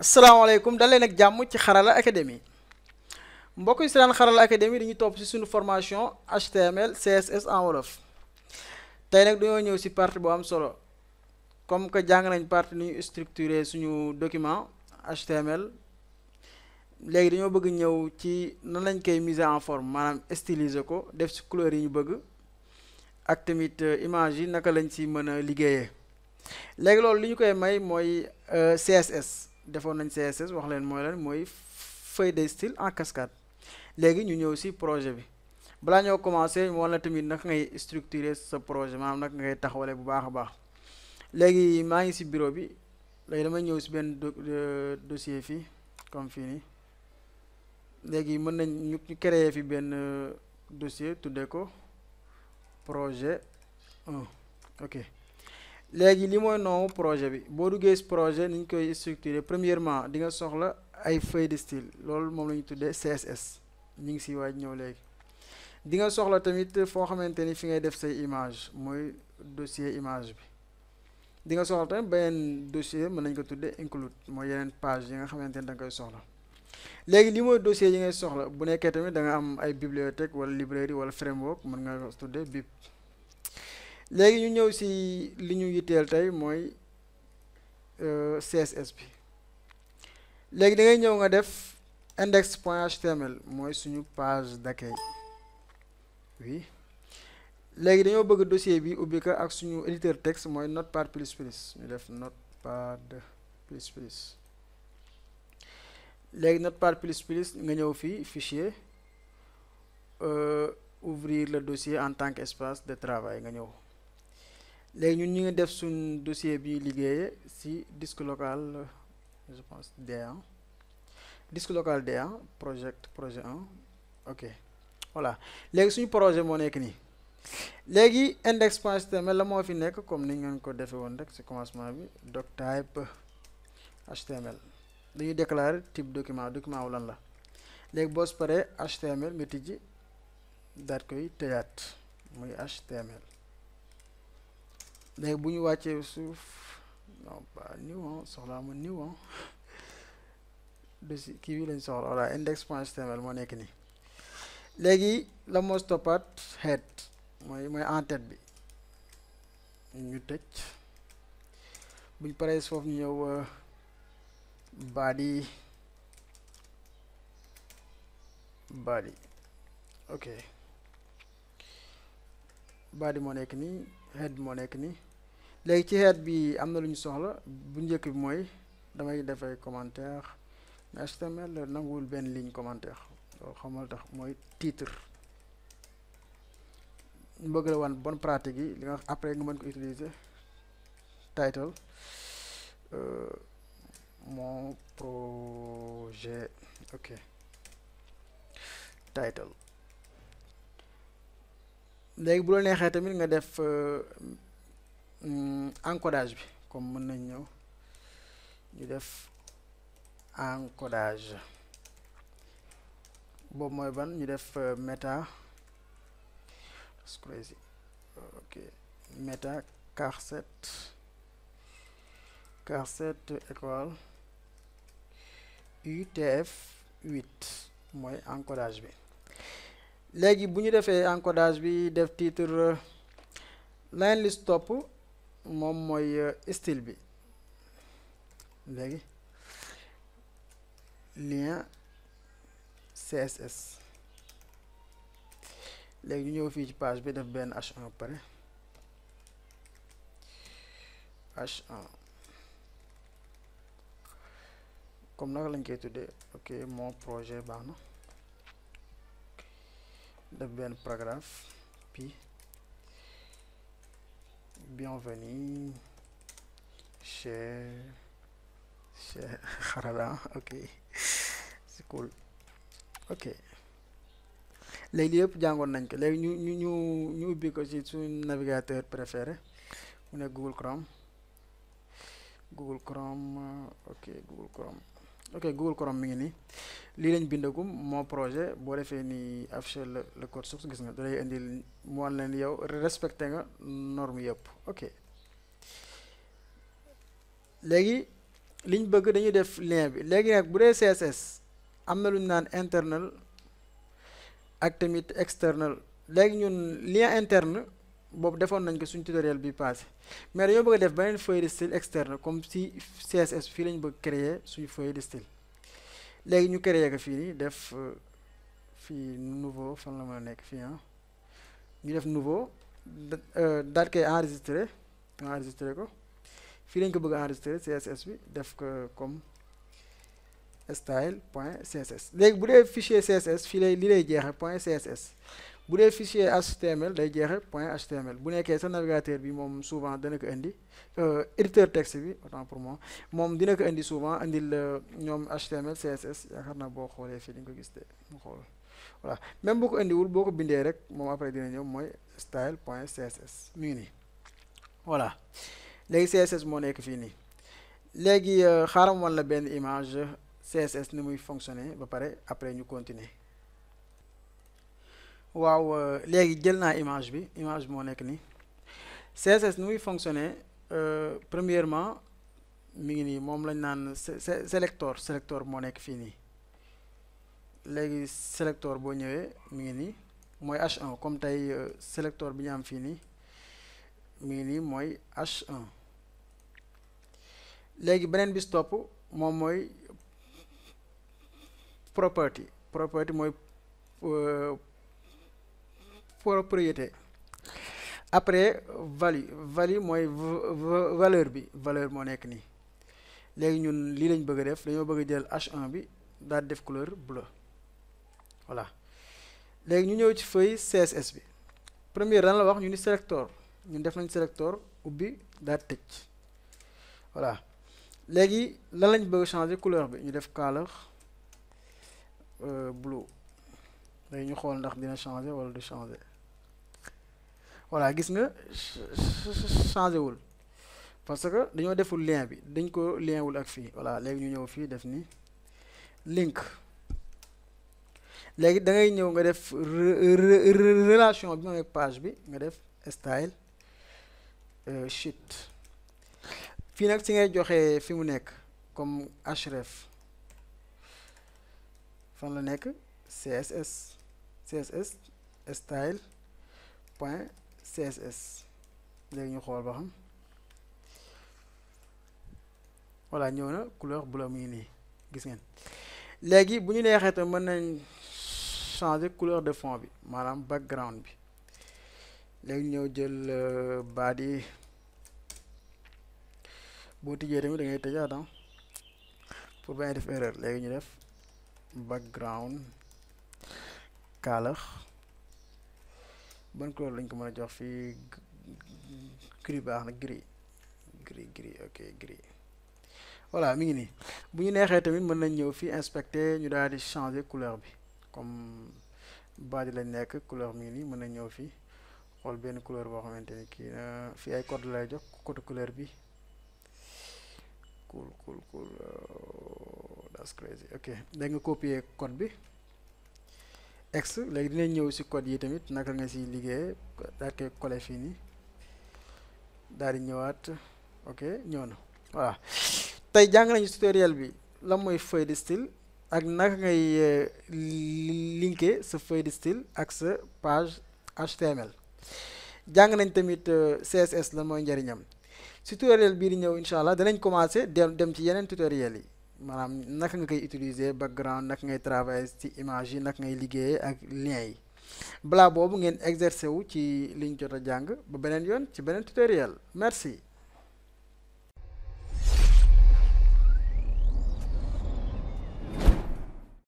asalaamaaleykum dalee nag jàmm ci xarala académie mbokk yi si daan xarala académie dañuy topp si suñu formation HTML CSS en wolof tey nag dañoo ñëw si partie bu am solo comme que jàng nañ partie ni ñu structurer suñu document HTML léegi dañoo bëgg ñëw ci nan lañ koy miser en forme maanaam styliser ko def si couleur yi ñu bëgg ak tamit euh, image yi naka lañ si mën a liggéeyee léegi loolu li ñu koy may mooy euh, CSS. defoon nañ CSS wax leen mooy lan mooy feuille de style en cascade léegi ñu ñëw si projet bi balaa ñoo commencé wan la tamit naka ngay structurer sa projet maanaam naka ngay taxawale bu baax a baax léegi maa ngi si bureau bi léegi damay ñëw si benn dossier fii comme fii nii léegi mën nañ ñu ñu créer fi benn euh, dossier tuddee ko projet 1 ok léegi li mooy noowu projet bi boo duggee projet ni ñu koy structurer premièrement di nga soxla ay feuille de loolu moom la ñu tuddee CSS ñu ngi siy waaj ñëw léegi di nga soxla tamit foo xamante ni fi ngay def say image mooy dossier image bi di nga soxla tamit beneen dossier mën nañ ko tuddee include mooy yeneen page yi nga xamante ni da nga koy soxla léegi li mooy dossier yi ngay soxla bu nekkee tamit da nga am ay bibliothèque wala librairie wala framework mën nga tuddee bib léegi ñu ñëw si li ñu yitteel tey mooy euh, CSS bi léegi da ngay ñëw nga def index point html mooy suñu page d'accueil wii léegi dañoo bëgg dossier bi ubbi ko ak suñu éditeur texte mooy notepad plus plus ñu def notepad plus plus léegi notepad plus plus nga ñëw fii fichier euh, ouvrir le dossier en tant qu'espace de travail nga ñëw léegi ñun ñu ngi def suñ dossier bi liggéeye si disque local je pense D1 disque local D1 projet projet 1 ok voilà léegi suñu projet moo nekk nii léegi index.html la moo fi nekk comme ni ngeen ko defee woon rek si commencement bi doc type html dañuy déclarer type document document wu lan la léegi boo paree html nga tijji daat koy tëjaat muy html léegi bu ñu wàccee suuf non pas new soxlaa ma new dossier kii bi lañ soxla voilà index.html moo nekk nii léegi la moo stoppaat head mooy mooy en tête bi ñu tëj buñ paree foofu ñu ñëw euh, body body ok body moo nekk nii head moo nekk nii léegi ci xeet bi am na lu ñu soxla bu njëkk bi mooy damay defay commentaire mais HTML nanguwul benn ligne commentaire loolu xamal tax mooy titre ñu wan bonne pratique yi li nga après nga mën ko utiliser title euh, mon projet title léegi bu la neexee tamit nga def euh, encodage bi comme mën nañ ñëw ñu def encodage boobu mooy ban ñu def euh, meta that's crazy ok meta car set car utf 8 mooy encodage bi léegi bu ñu defee encodage bi def titre euh, line list topp moom mooy euh, stil bi léegi lien CSS léegi ñu ñëw fii ci page bi def benn H1 pare H1 comme naka lañ koy tuddee ok mon projet baax na def benn paragraphe puis bienvenue chez chez Xarala ok c'est cool ok léegi yëpp jàngoon nañ ko léegi ñu ñu ñu ñu ubbi ko ci suñu navigateur préféré mu ne Google Chrome Google Chrome ok Google Chrome ok Google Chrome mi ngi nii lii lañu bindagum mon projet boo defee nii afficher le le code source gis nga da indi indil mu wan leen yow respecté nga norme yëpp ok léegi liñ bëgg dañuy def lien bi léegi nag bu dee CSS am na lu ñu naan internal ak tamit external léegi ñun lien interne. boobu defoon nañ ko suñ tutoriel bi passé mais dañoo bëgg a def beneen feuille de style externe comme si CSS fii lañ bëgg créer suñu feuille de style léegi ñu créer ko fii def euh, fii nouveau fan nekk fii ah ñu def nouveau euh, daal koy enregistré enregistré ko fii lañ ko bëgg a enregistré CSS bi def ko comme style point CSS léegi bu dee fichier CSS fii lay li lay jeexee point CSS bu dee fichier HTML day jeexe point HTML bu nekkee sa navigateur bi moom souvent dana ko indi euh, éditeur texte bi autant pour moi moom dina ko indi souvent indil euh, ñoom HTML CSS yaakaar naa boo xoolee fii di ko gis te mu xool voilà même boo ko indiwul boo ko bindee rek moom après dina ñëw mooy style point CSS mu ngi nii voilà léegi CSS moo nekk fii nii léegi euh, xaaram wala benn image CSS ni muy fonctionner ba pare après ñu continuer. waaw euh, léegi jël naa image bi image moo nekk nii CSS nu muy fonctionner euh, premièrement mu ngi nii moom lañ naan selector selector moo nekk fii nii léegi selector boo ñëwee mi ngi nii mooy H1 comme tey euh, selector bi ñu am fii nii mu ngi nii mooy H1 léegi beneen bi stop moom mooy property property mooy. propriété après value value mooy valeur bi valeur moo nekk nii léegi ñun lii lañ bëgg a def dañoo bëgg a jël H1 bi daal def couleur bleu voilà léegi ñu ñëw ci feuille CSS bi première lan la wax ñu ni selector ñu def nañ selector ubbi daal tëj voilà léegi lan lañ bëgg changer couleur bi ñu def color euh, blue léegi ñu xool ndax dina changer wala du changer voilà gis nga changé wul parce que dañoo deful lien bi dañ ko lien ak fii voilà léegi ñu ñëw fii def ni link léegi da ngay ñëw nga def relation bi moom ak page bi nga def style euh, sheet fii nag si ngay joxe fi mu nekk comme href fan la nekk css css style point CSS léegi ñu xool ba xam voilà ñëw na couleur bleu mu ngi nii gis ngeen léegi bu ñu neexee tam mën nañ changer couleur de fond bi maanaam background bi léegi ñëw jël euh, baat yi boo tijjee tamit da ngay tëj attends ah. pour bañ def erreur léegi ñu def background kaalax ban couleur lañ ko mën a jox fii gris baax na gris gris gris ok gris voilà mi ngi nii bu ñu neexee tamit mën nañ ñëw fii inspecter ñu daal di changer couleur bi comme badi lañ nekk couleur mi ngi nii mën nañ ñëw fii xool benn couleur boo xamante ni kii na fii ay code lay jox code couleur bi cool cool cool oh, that's crazy ok da nga code bi ex léegi dinañ ñëw si code yi tamit naka nga si liggéey daal koy collé fii nii daal di ñëwaat ok ñëw na voilà tey jàng nañu tutoriel bi lan mooy feuille de style ak naka ngay eh, linké sa feuille ak sa page HTML jàng nañ tamit eh, CSS lan mooy njariñam si tutoriel bii ñëw incha allah danañ commencé dem dem ci yeneen tutoriel yi. maanaam naka nga koy utiliser background naka ngay travailler ci image yi naka ngay liggéeyee ak lien yi balaa boobu ngeen exercer wu ci liñ jot a jàng ba beneen yoon ci beneen tutoriel merci